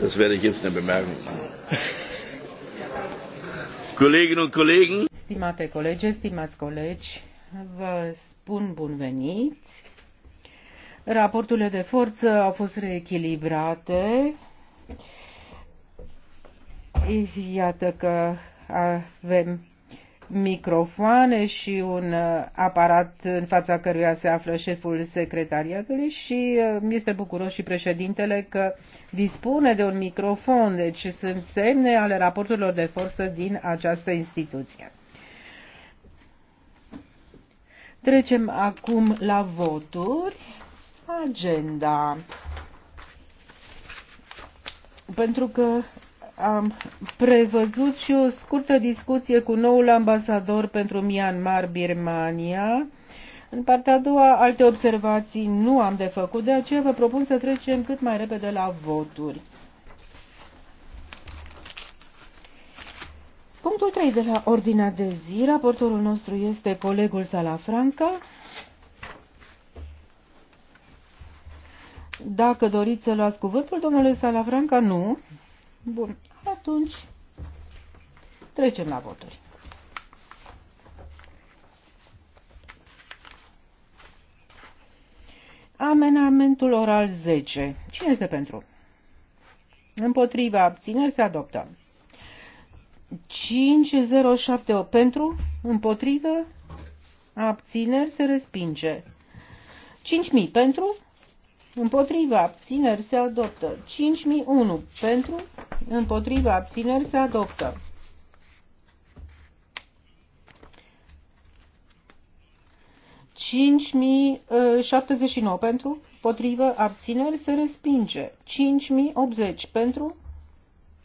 Das werde ich jetzt eine Bemerkung machen. Kolleginnen und Kollegen. Stimate Kollegen, stimați Kollegen, vă spun bun venit. Raporturile de forță au fost reechilibrate. Iată că avem microfoane și un uh, aparat în fața căruia se află șeful secretariatului și uh, este bucuros și președintele că dispune de un microfon, deci sunt semne ale raporturilor de forță din această instituție. Trecem acum la voturi. Agenda. Pentru că am prevăzut și o scurtă discuție cu noul ambasador pentru Myanmar, Birmania. În partea a doua, alte observații nu am de făcut, de aceea vă propun să trecem cât mai repede la voturi. Punctul 3 de la ordinea de zi, raportorul nostru este colegul Salafranca. Dacă doriți să luați cuvântul, domnule Salafranca, nu. Bun, atunci trecem la voturi. Amenamentul oral 10. Cine este pentru? Împotriva abțineri se adoptă. 5078 pentru, împotrivă, abțineri se respinge. 5000 pentru, Împotriva abțineri se adoptă. 5001 pentru. Împotriva abțineri se adoptă. Cinci mii șaptezeci și pentru, potrivă abțineri se respinge. Cinci mii optzeci pentru,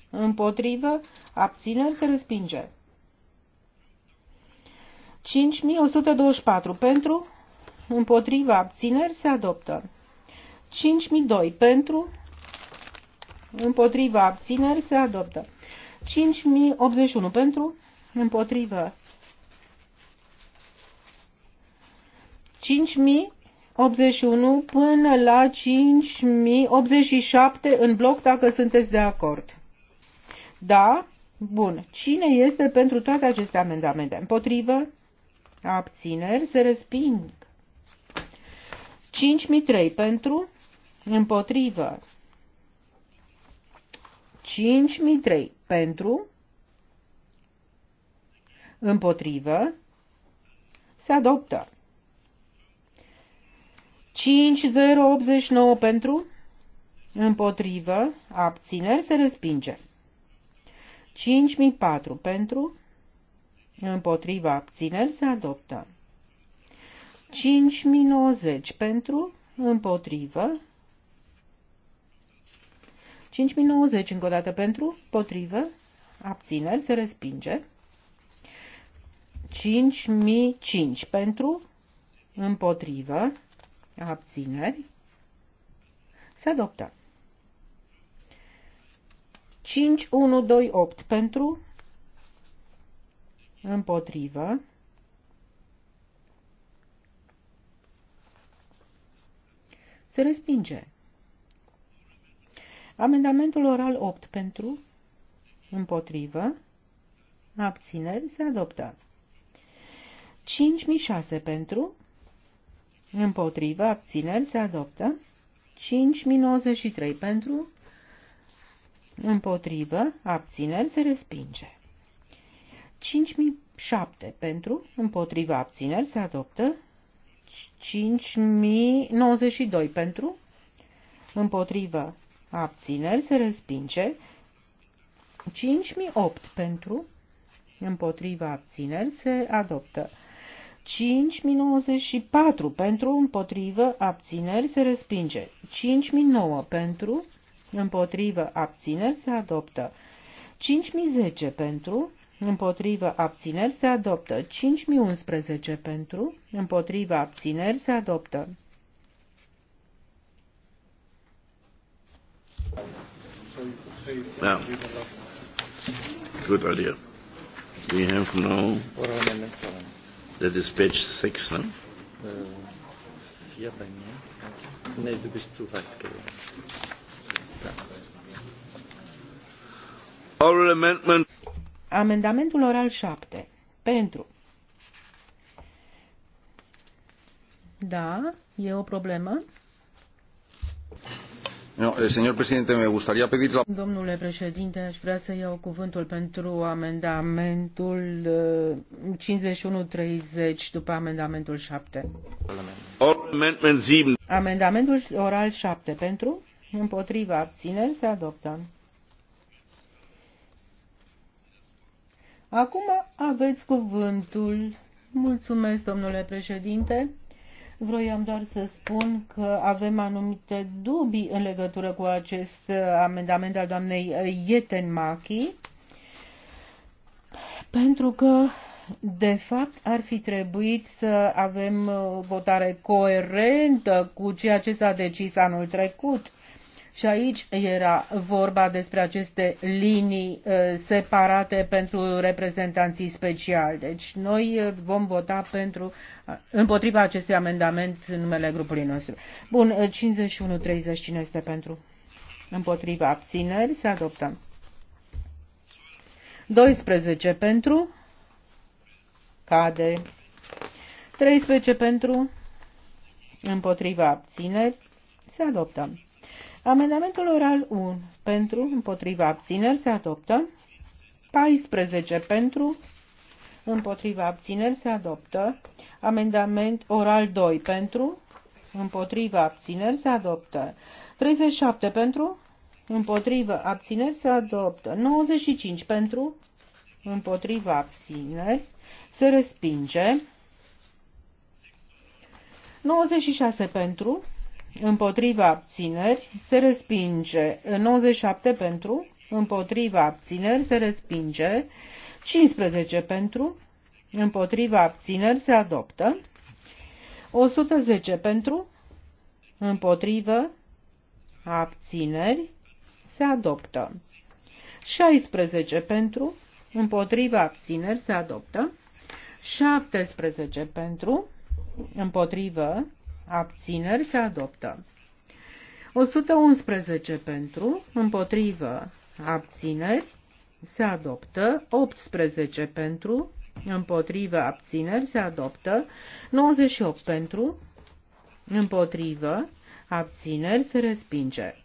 împotrivă abțineri se respinge. 5124 pentru, împotrivă abțineri se adoptă. 5002 pentru, împotriva abțineri se adoptă. 5081 pentru, împotriva 5081 până la 5087 în bloc, dacă sunteți de acord. Da? Bun. Cine este pentru toate aceste amendamente? Împotrivă? Abțineri? Se resping. 5003 pentru? împotrivă. 5003 pentru, împotrivă, se adoptă. 5089 pentru, împotrivă, abțineri, se respinge. 5004 pentru, împotrivă, abțineri, se adoptă. 5090 pentru, împotrivă, 5090 încă o dată pentru, potrivă, abțineri, se respinge. 5005 pentru, împotrivă, abțineri, se adoptă. 5128 pentru, împotrivă, se respinge. Amendamentul oral 8 pentru, împotrivă, abțineri, se adoptă. 5006 pentru, împotrivă, abțineri, se adoptă. 5093 pentru, împotrivă, abțineri, se respinge. 5007 pentru, împotrivă, abțineri, se adoptă. 5092 pentru, împotrivă, abțineri se respinge. 5008 pentru, împotriva abțineri se adoptă. 5094 pentru, împotrivă, abțineri se respinge. 5009 pentru, împotrivă, abțineri se adoptă. 5010 pentru, împotrivă, abțineri se adoptă. 5011 pentru, Împotriva abțineri se adoptă. Yeah. Da. Good idea. We have now. the dispatch six, no? Oral amendment. Amendamentul oral 7. Pentru. Da, e o problemă. Eh, domnule președinte, aș vrea să iau cuvântul pentru amendamentul 5130 eh, după amendamentul 7. 7. Amendamentul oral 7 pentru, împotriva, abțineri, se adoptă. Acum aveți cuvântul. Mulțumesc, domnule președinte. Vroiam doar să spun că avem anumite dubii în legătură cu acest amendament al doamnei Ietenmachi, pentru că, de fapt, ar fi trebuit să avem o votare coerentă cu ceea ce s-a decis anul trecut și aici era vorba despre aceste linii uh, separate pentru reprezentanții speciali. Deci noi uh, vom vota pentru, uh, împotriva acestui amendament în numele grupului nostru. Bun, 51-30, cine este pentru? Împotriva abțineri, se adoptă. 12 pentru, cade. 13 pentru, împotriva abțineri, se adoptă. Amendamentul oral 1 pentru, împotriva abțineri se adoptă. 14 pentru, împotriva abțineri se adoptă. Amendament oral 2 pentru, împotriva abțineri se adoptă. 37 pentru, împotriva abțineri se adoptă. 95 pentru, împotriva abțineri se respinge. 96 pentru, împotriva abțineri se respinge. 97 pentru, împotriva abțineri se respinge. 15 pentru, împotriva abțineri se adoptă. 110 pentru, împotrivă, abțineri se adoptă. 16 pentru, împotriva abțineri se adoptă. 17 pentru, împotrivă, abțineri se adoptă. 111 pentru, împotrivă, abțineri se adoptă. 18 pentru, împotrivă, abțineri se adoptă. 98 pentru, împotrivă, abțineri se respinge.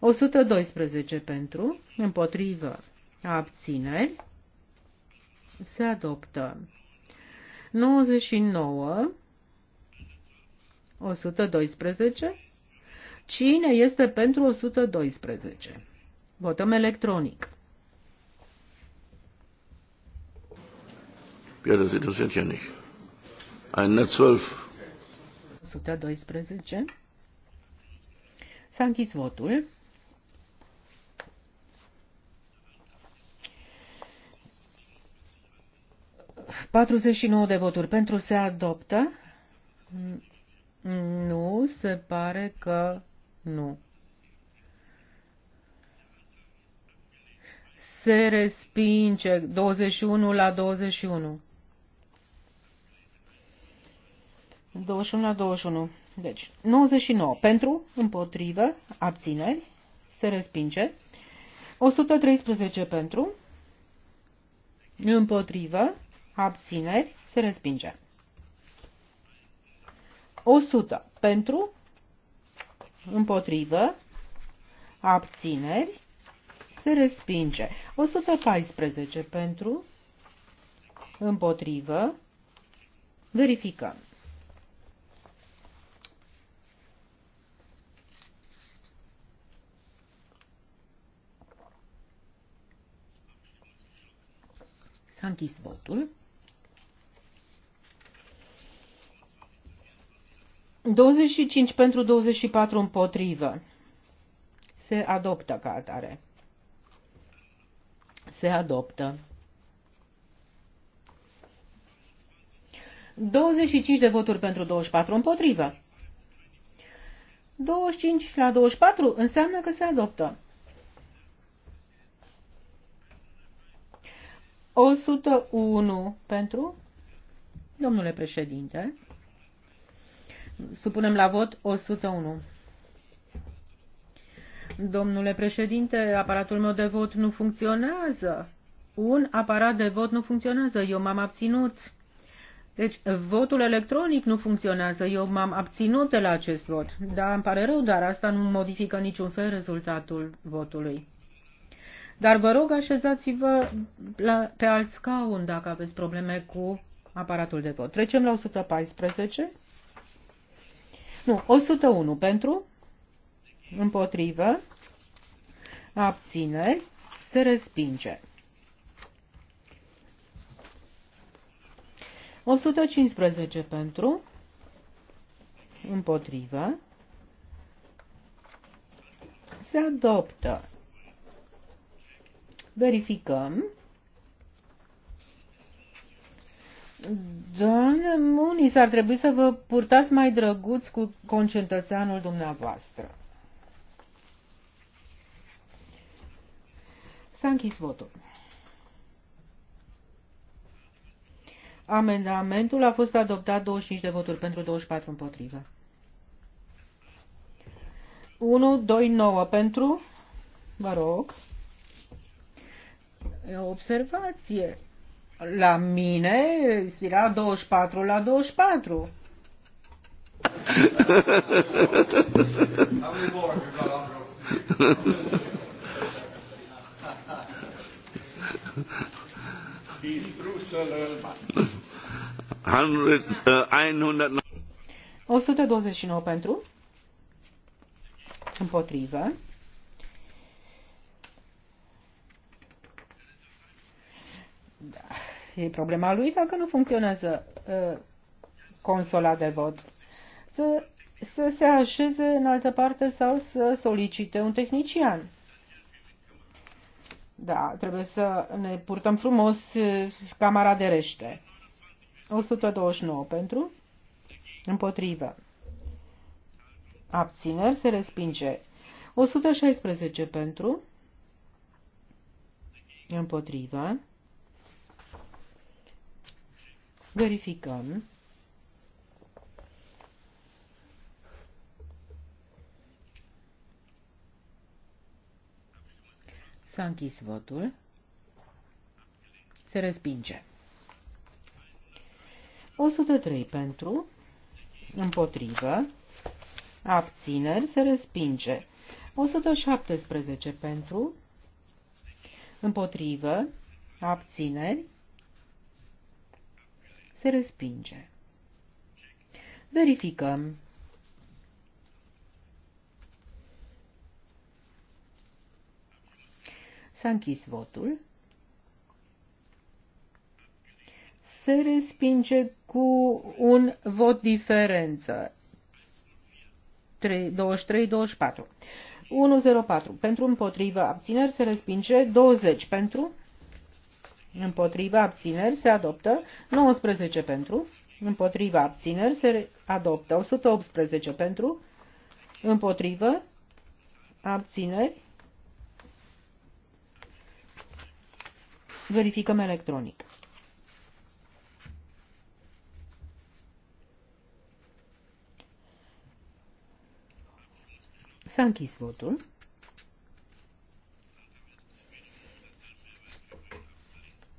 112 pentru, împotrivă, abțineri se adoptă. 99 112. Cine este pentru 112? Votăm electronic. Ja, das interessiert ja nicht. 112. 112. S-a închis votul. Patruzeci și nouă de voturi pentru se adoptă. Nu, se pare că nu. Se respinge 21 la 21. 21 la 21. Deci, 99 pentru, împotrivă, abțineri, se respinge. 113 pentru, împotrivă, abțineri, se respinge. 100 pentru, împotrivă, abțineri, se respinge. 114 pentru, împotrivă, verificăm. S-a închis votul. 25 pentru 24 împotrivă. Se adoptă ca atare. Se adoptă. 25 de voturi pentru 24 împotrivă. 25 la 24 înseamnă că se adoptă. 101 pentru. Domnule președinte, Supunem la vot 101. Domnule președinte, aparatul meu de vot nu funcționează. Un aparat de vot nu funcționează. Eu m-am abținut. Deci, votul electronic nu funcționează. Eu m-am abținut de la acest vot. Da, îmi pare rău, dar asta nu modifică niciun fel rezultatul votului. Dar vă rog, așezați-vă la, pe alt scaun dacă aveți probleme cu aparatul de vot. Trecem la 114. Nu, 101 pentru, împotrivă, abțineri, se respinge. 115 pentru, împotrivă, se adoptă. Verificăm. Doamne Munis, ar trebui să vă purtați mai drăguți cu concetățeanul dumneavoastră. S-a închis votul. Amendamentul a fost adoptat 25 de voturi pentru 24 împotrivă. 1, 2, 9 pentru. Vă rog. E o observație. La mine era 24 la 24. O sută douăzeci și nouă pentru, împotrivă. Da e problema lui dacă nu funcționează uh, consola de vot. Să, să se așeze în altă parte sau să solicite un tehnician. Da, trebuie să ne purtăm frumos ă, camera de rește. 129 pentru, împotrivă. Abțineri se respinge. 116 pentru, împotrivă. Verificăm. S-a închis votul. Se respinge. 103 pentru, împotrivă, abțineri, se respinge. 117 pentru, împotrivă, abțineri, se respinge. Verificăm. S-a închis votul. Se respinge cu un vot diferență. 23-24. 104. Pentru împotrivă abțineri se respinge 20. Pentru împotriva abțineri se adoptă, 19 pentru, împotriva abțineri se adoptă, 118 pentru, împotrivă, abțineri, verificăm electronic. S-a închis votul.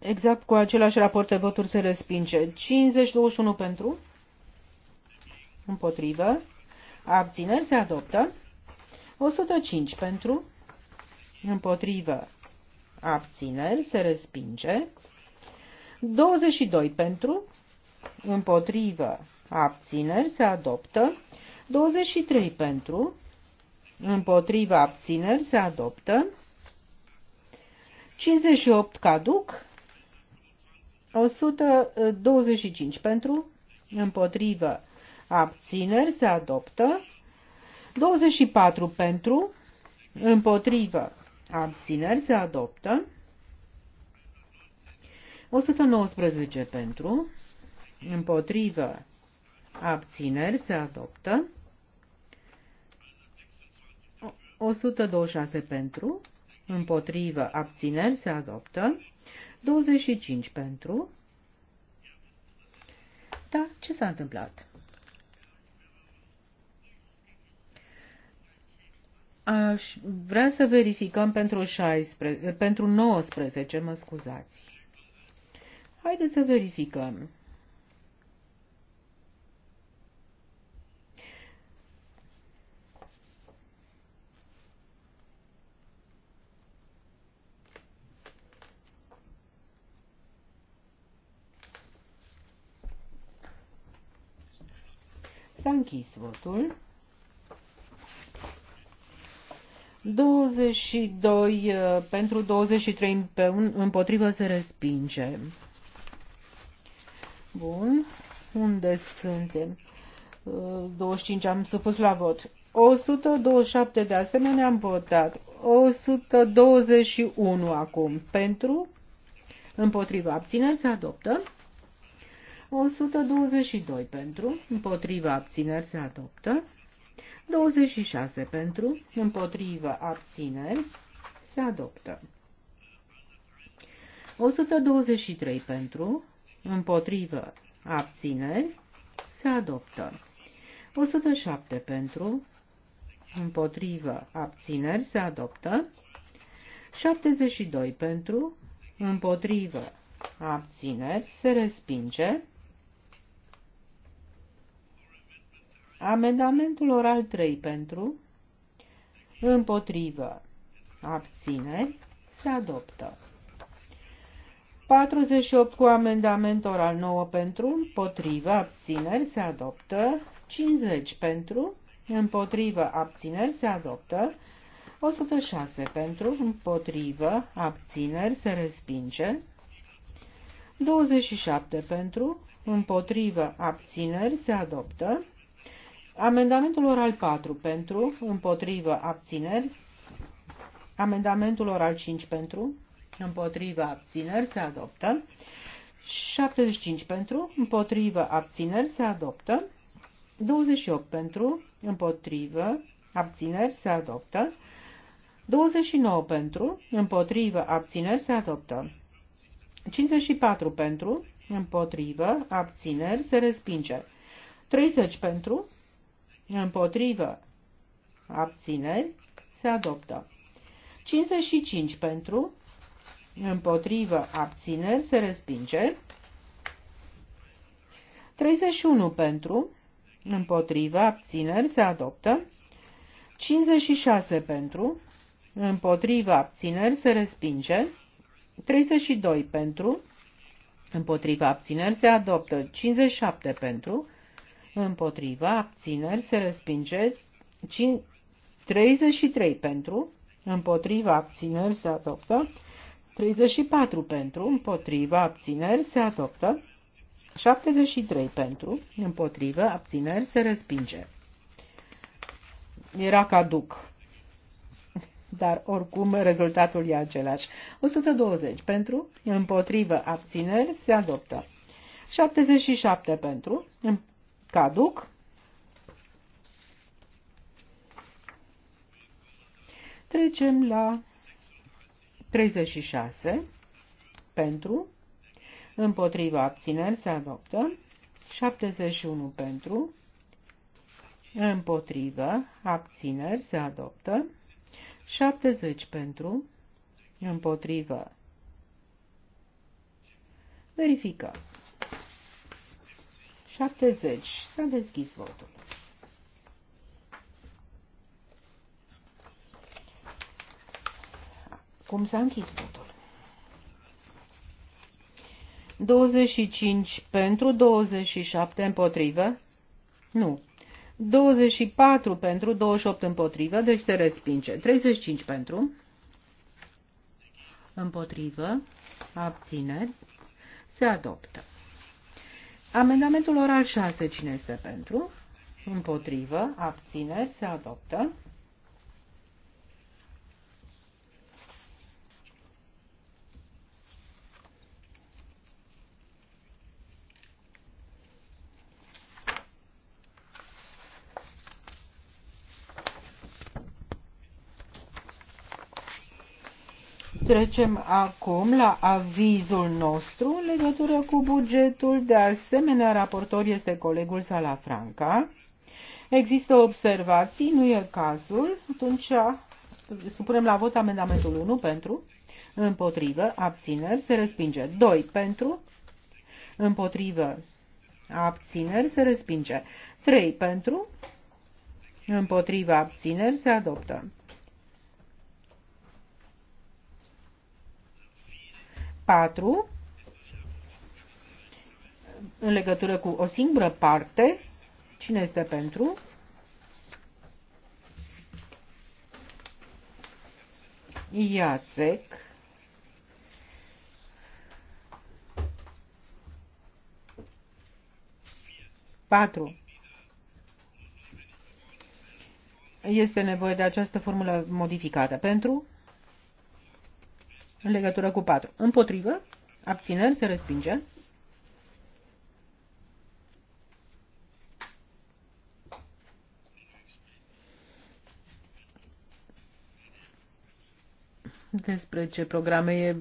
exact cu același raport de voturi se respinge. 50-21 pentru, împotrivă, abțineri se adoptă. 105 pentru, împotrivă, abțineri se respinge. 22 pentru, împotrivă, abțineri se adoptă. 23 pentru, împotriva abțineri se adoptă. 58 caduc, 125 pentru, împotrivă, abțineri, se adoptă. 24 pentru, împotrivă, abțineri, se adoptă. 119 pentru, împotrivă, abțineri, se adoptă. 126 pentru, împotrivă, abțineri, se adoptă. 25 pentru. Da, ce s-a întâmplat? Aș vrea să verificăm pentru, 16, pentru 19, mă scuzați. Haideți să verificăm. S-a închis votul. 22 uh, pentru 23 împotrivă se respinge. Bun. Unde suntem? 25 uh, am să fost la vot. 127 de asemenea am votat. 121 acum pentru. Împotriva abțineri se adoptă. 122 pentru, împotriva abțineri se adoptă. 26 pentru, împotriva abțineri se adoptă. 123 pentru, împotriva abțineri, se adoptă. 107 pentru, împotriva abțineri, se adoptă. 72 pentru, împotriva abțineri, se respinge. Amendamentul oral 3 pentru, împotrivă, abțineri, se adoptă. 48 cu amendament oral 9 pentru, împotrivă, abțineri, se adoptă. 50 pentru, împotrivă, abțineri, se adoptă. 106 pentru, împotrivă, abțineri, se respinge. 27 pentru, împotrivă, abțineri, se adoptă. Amendamentul oral 4 pentru, împotrivă, abțineri. Amendamentul oral 5 pentru, împotrivă, abțineri, se adoptă. 75 pentru, împotrivă, abțineri, se adoptă. 28 pentru, împotrivă, abțineri, se adoptă. 29 pentru, împotrivă, abțineri, se adoptă. 54 pentru, împotrivă, abțineri, se respinge. 30 pentru, împotrivă, abțineri, se adoptă. 55 pentru, împotrivă, abțineri, se respinge. 31 pentru, împotrivă, abțineri, se adoptă. 56 pentru, împotrivă, abțineri, se respinge. 32 pentru, împotrivă, abțineri, se adoptă. 57 pentru, împotriva, abțineri, se respinge. 33 pentru, împotriva, abțineri, se adoptă. 34 pentru, împotriva, abțineri, se adoptă. 73 pentru, împotriva abțineri, se respinge. Era caduc. Dar oricum rezultatul e același. 120 pentru, împotrivă, abțineri, se adoptă. 77 pentru, caduc. Trecem la 36 pentru, împotriva abțineri se adoptă, 71 pentru, împotrivă, abțineri se adoptă, 70 pentru, împotrivă. Verificăm. 70. S-a deschis votul. Cum s-a închis votul? 25 pentru, 27 împotrivă? Nu. 24 pentru, 28 împotrivă, deci se respinge. 35 pentru, împotrivă, abțineri, se adoptă. Amendamentul oral 6, cine este pentru? Împotrivă, abțineri, se adoptă. Trecem acum la avizul nostru în legătură cu bugetul. De asemenea, raportor este colegul Salafranca. Există observații, nu e cazul. Atunci supunem la vot amendamentul 1 pentru, împotrivă, abțineri, se respinge. 2 pentru, împotrivă, abțineri, se respinge. 3 pentru, împotrivă, abțineri, se adoptă. 4 în legătură cu o singură parte. Cine este pentru? Iacek. Patru. Este nevoie de această formulă modificată pentru în legătură cu 4. Împotrivă, abțineri, se respinge. Despre ce programe e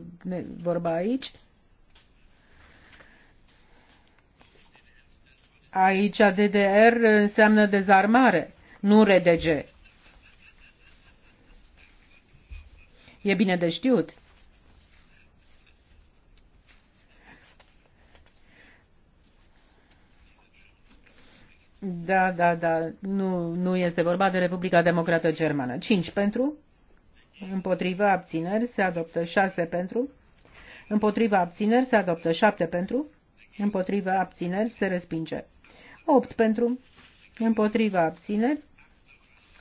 vorba aici? Aici DDR înseamnă dezarmare, nu RDG. E bine de știut. Da, da, da, nu, nu este vorba de Republica Democrată Germană. 5 pentru, împotriva abțineri se adoptă 6 pentru, împotriva abțineri se adoptă 7 pentru, împotriva abțineri se respinge 8 pentru, împotriva abțineri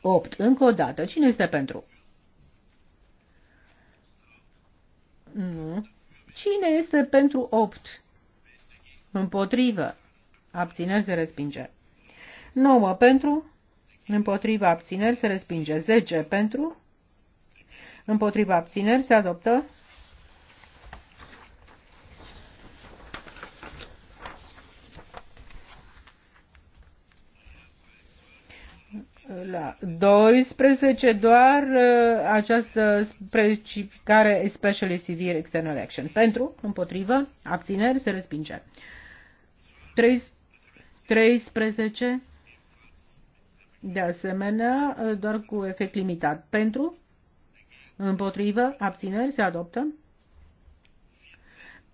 8. Încă o dată, cine este pentru? Nu. Cine este pentru 8? Împotrivă. Abțineri se respinge. 9 pentru, împotriva abțineri se respinge. 10 pentru, împotriva abțineri se adoptă. La 12 doar uh, această specificare especially severe external action. Pentru, împotrivă, abțineri, se respinge. 3, 13 de asemenea, doar cu efect limitat. Pentru, împotrivă, abțineri, se adoptă.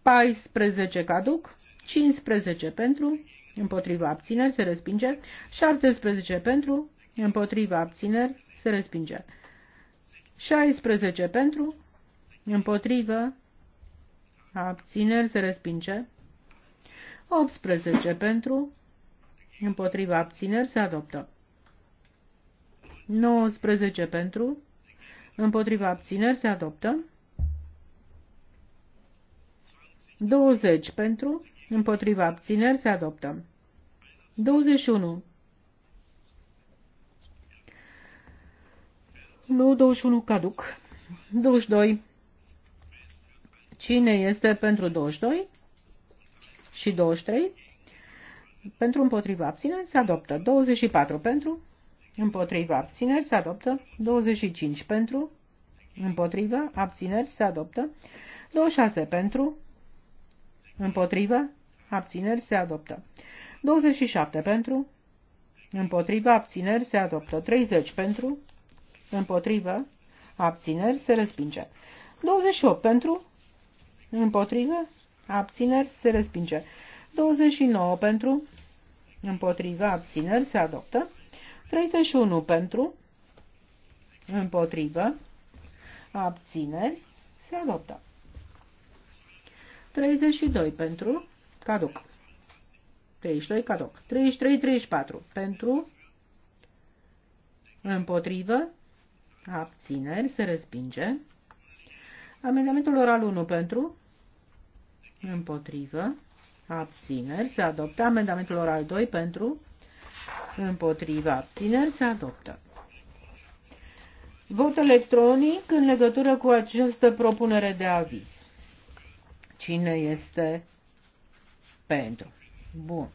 14 caduc, 15 pentru, împotriva abțineri, se respinge. 17 pentru, împotriva abțineri, se respinge. 16 pentru, împotriva abțineri, se respinge. 18 pentru, împotriva abțineri, se adoptă. 19 pentru, împotriva abțineri se adoptă. 20 pentru, împotriva abțineri se adoptă. 21. Nu 21 caduc. 22. Cine este pentru 22 și 23? Pentru împotriva abțineri se adoptă. 24 pentru Împotriva abțineri se adoptă 25 pentru. Împotriva abțineri se adoptă 26 pentru. Împotriva abțineri se adoptă 27 pentru. Împotriva abțineri se adoptă 30 pentru. Împotriva abțineri se respinge 28 pentru. Împotriva abțineri se respinge 29 pentru. Împotriva abțineri se adoptă 31 pentru, împotrivă, abțineri, se adoptă. 32 pentru, caduc. 32 caduc. 33-34 pentru, împotrivă, abțineri, se respinge. Amendamentul oral 1 pentru, împotrivă, abțineri, se adoptă. Amendamentul oral 2 pentru, împotriva abțineri se adoptă. Vot electronic în legătură cu această propunere de aviz. Cine este pentru? Bun.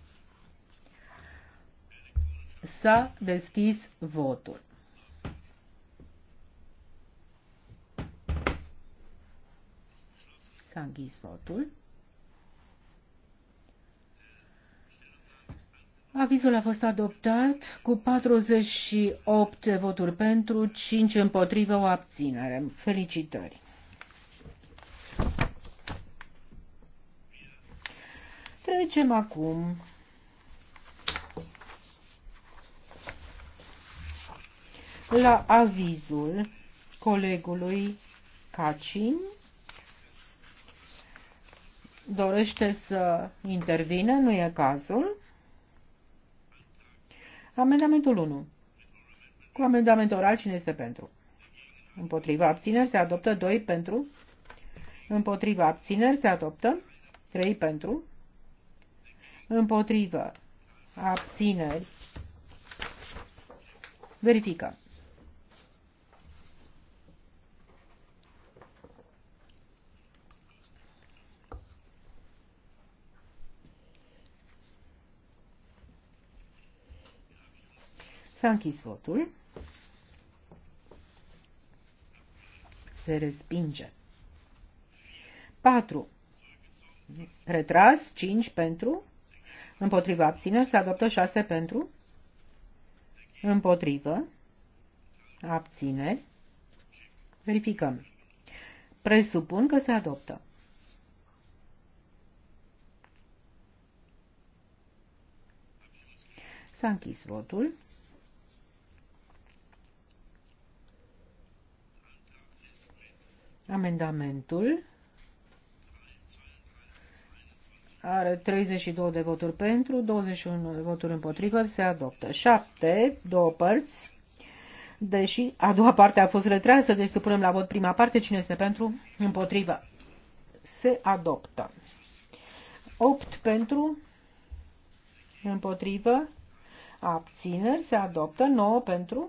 S-a deschis votul. S-a închis votul. Avizul a fost adoptat cu 48 voturi pentru, 5 împotrivă, o abținere. Felicitări! Trecem acum la avizul colegului Cacin. Dorește să intervine, nu e cazul. Amendamentul 1. Cu amendament oral, cine este pentru? Împotriva abțineri se adoptă 2 pentru. Împotriva abțineri se adoptă 3 pentru. Împotriva abțineri. Verificăm. S-a închis votul. Se respinge. 4. Retras 5 pentru. Împotriva abțineri se adoptă 6 pentru. Împotrivă. Abțineri. Verificăm. Presupun că se adoptă. S-a închis votul. Amendamentul are 32 de voturi pentru, 21 de voturi împotrivă, se adoptă. 7, două părți, deși a doua parte a fost retrasă, deci supunem la vot prima parte, cine este pentru, împotrivă, se adoptă. 8 pentru, împotrivă, abțineri, se adoptă, 9 pentru,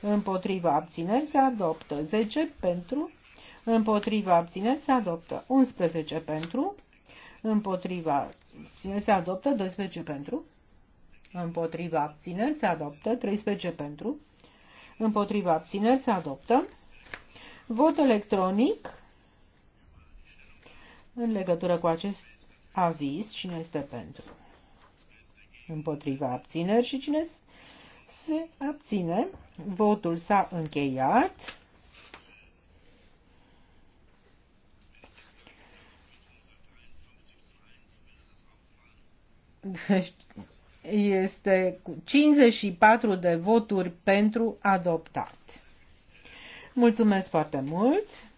împotriva abțineri se adoptă 10 pentru, împotriva abțineri se adoptă 11 pentru, împotriva abțineri se adoptă 12 pentru, împotriva abțineri se adoptă 13 pentru, împotriva abțineri se adoptă vot electronic în legătură cu acest aviz, cine este pentru? Împotriva abțineri și cine se abține. Votul s-a încheiat. Deci este cu 54 de voturi pentru adoptat. Mulțumesc foarte mult!